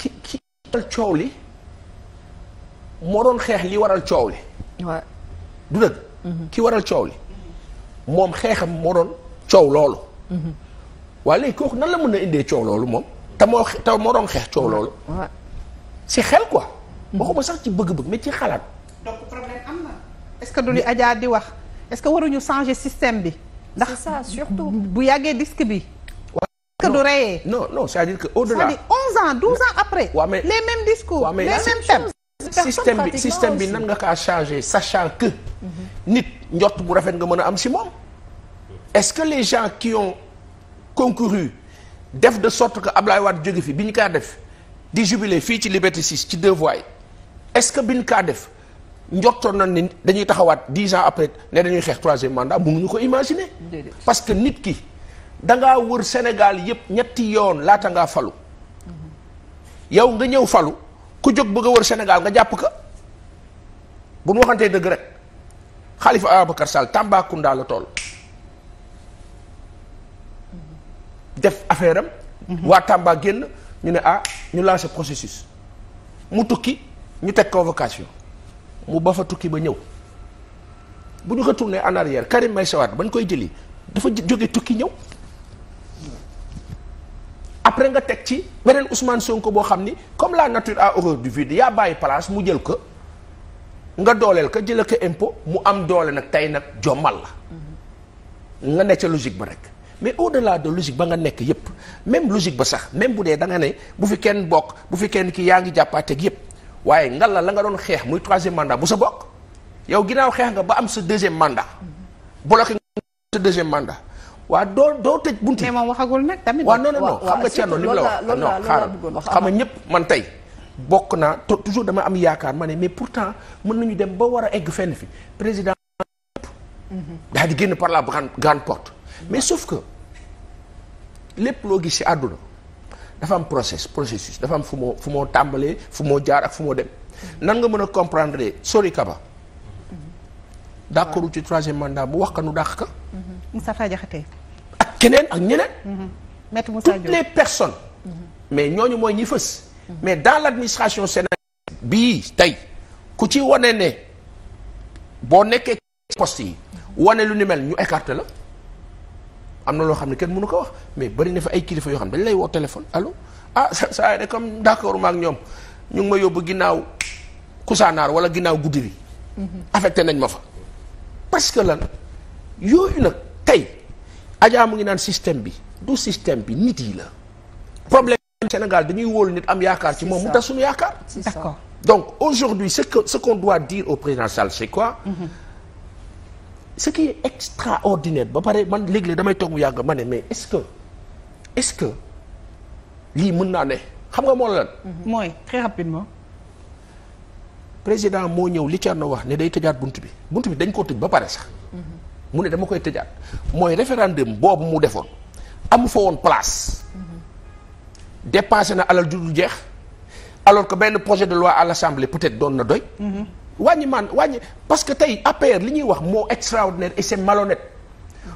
ki ki coow li moo xeex li waral coow li du dëgg mm-hmm. ki waral coow li moom xeexam moo doon coow loolu mm-hmm. waa léegi kooku nan la mën a indee coow loolu moom te moo te moo doon xeex coow loolu si xel quoi mm-hmm. waxuma sax ci bëgg-bëgg mais ci xalaat donc problème est-ce que du li di wax est-ce que waruñu changer système bi ndax surtout bu yàggee disque bi du reyee. non non c'est-à-dire que au-delà. c'est-à-dire 11 ans 12 ans après. waaw mais les mêmes discours. système bi système bi nan nga kaa changer sa que. Mhm. nit njort bu rafet nga mën a am si moom. est-ce que les gens qui ont concouru def de sorte que Ablaye waat jóge fii bi ñu kaa def di jubilé fii ci Liberté 6 ci deux voies est-ce que bi ñu kaa def njortoon na ni dañuy taxawaat dix ans après ne dañuy xeex troisième mandat ñu ko imaginer. parce que nit ki. dangaa wër Sénégal yëpp ñetti yoon laata ngaa falu yow nga ñëw falu ku jóg bëgg a wër Sénégal nga jàpp ka bu nu waxantee dëgg rek Khalifa Ababacar Sall Tambacounda la toll def affaire am waa Tamba génn ñu ne ah ñu lancé processus mu tukki ñu teg convocation mu ba fa tukki ba ñëw bu ñu ko tourné en arrière Karim Meïssa Wade ba ñu koy jëli dafa jóge tukki ñëw après nga teg ci beneen Ousmane Sonko boo xam ni comme la nature a horreur du vide bàyyi place mu jël ko nga dooleel ko jëlee ko mu am doole nag tey nag jommal la nga ne ba rek mais au-delà de logique ba nga nekk yépp même logique ba sax même bu dee da nga ne bu fi kenn bokk bu fi kenn kii yaa ngi jàppaateeg yépp waaye ngal la la nga doon xeex muy troisième mandat bu sa bokk yow ginnaaw xeex nga ba am sa deuxième mandat bloqué nga sa deuxième mandat waa doo doo tëj bunti. mais moom waxagul nag tamit. waaw non non non xam nga Thierno li mu la wax non xaaral xam nga ñëpp man tey. bokk naa toujours dama am yaakaar ma ne mais pourtant mën nañu dem ba war a egg fenn fi président. Mhm. daal di génn par la grande grande porte. mais sauf que lépp loo gis ci àdduna dafa am process processus dafa am fu moo fu moo tàmbalee fu moo jaar ak fu moo dem. Mhm. nan nga mën a comprendre Sori Kaba. Mhm. d'accord ci troisième mandat bu wax ka nu dàq ka. Moustapha Diakhaté keneen ak ñeneen. Mm-hmm. maître Moussa Diop toutes les personnes. Mm-hmm. mais ñooñu mooy ñi fës. Mm-hmm. mais dans l' administration sénégalaise bii tey ku ci wane ne boo nekkee poste yi wane lu ni mel ñu écarté la am na loo xam ne kenn mënu ko wax mais bari ne fa ay kilifa yoo xam ne dañ lay woo téléphone allo ah sa saa ne comme d' accord ak ñoom ñu ngi ma yóbbu ginnaaw kusaanaar wala ginnaaw guddi bi affecté nañ ma fa parce que lan yooyu nag tey. Adja mu ngi naan système bi du système bi nit yi la problème Sénégal dañuy wóolu nit am yaakaar ci moom mu tax suñu yaakaar d'accord donc aujourd'hui ce que ce qu'on doit dire au président Sall c'est quoi mm -hmm. ce qui extraordinaire ba pare man léeg-léeg damay toog mu yàgg ma ne mais est-ce que est-ce que lii mën naa ne xam nga moo la lan mm-hmm. président moo ñëw li Thierno wax ne day tëjaat bunt bi bunt bi dañ koo tëj ba pare sax mm-hmm. mu ne dama koy tëjaat mooy référendum boobu mu defoon amu fa woon place dépassé na alal jur dul jeex alors que benn projet de loi à l'Assemblée peut-être doon na doy wàññi maan wàññi parce que tey APR li ñuy wax moo extraordinaire et c'est malhonnête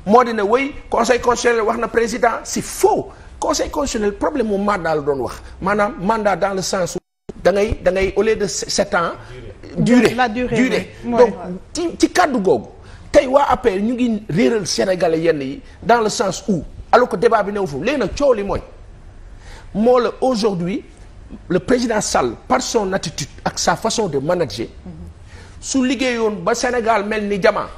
moo dina wéy conseil constitutionnel wax na président si faux conseil constitutionnel problème moom mandat la doon wax maanaam mandat dans le sens da ngay da ngay au lieu de sept ans durée la durée donc ci ci kàddu googu tey waa APR ñu ngi réeral sénégalais yenn yi dans le sens ou alors que bi new foofu léegi nag coow li mooy moo la aujourd'hui le président Sall par son attitude ak sa façon de manager su liggéeyoon ba Sénégal mel ni jamaa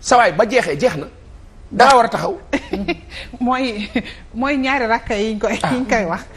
sawaay ba jeexee jeex na daa war a taxaw mooy mooy ñaari rakk yi ñu koy yi ah. ñu koy wax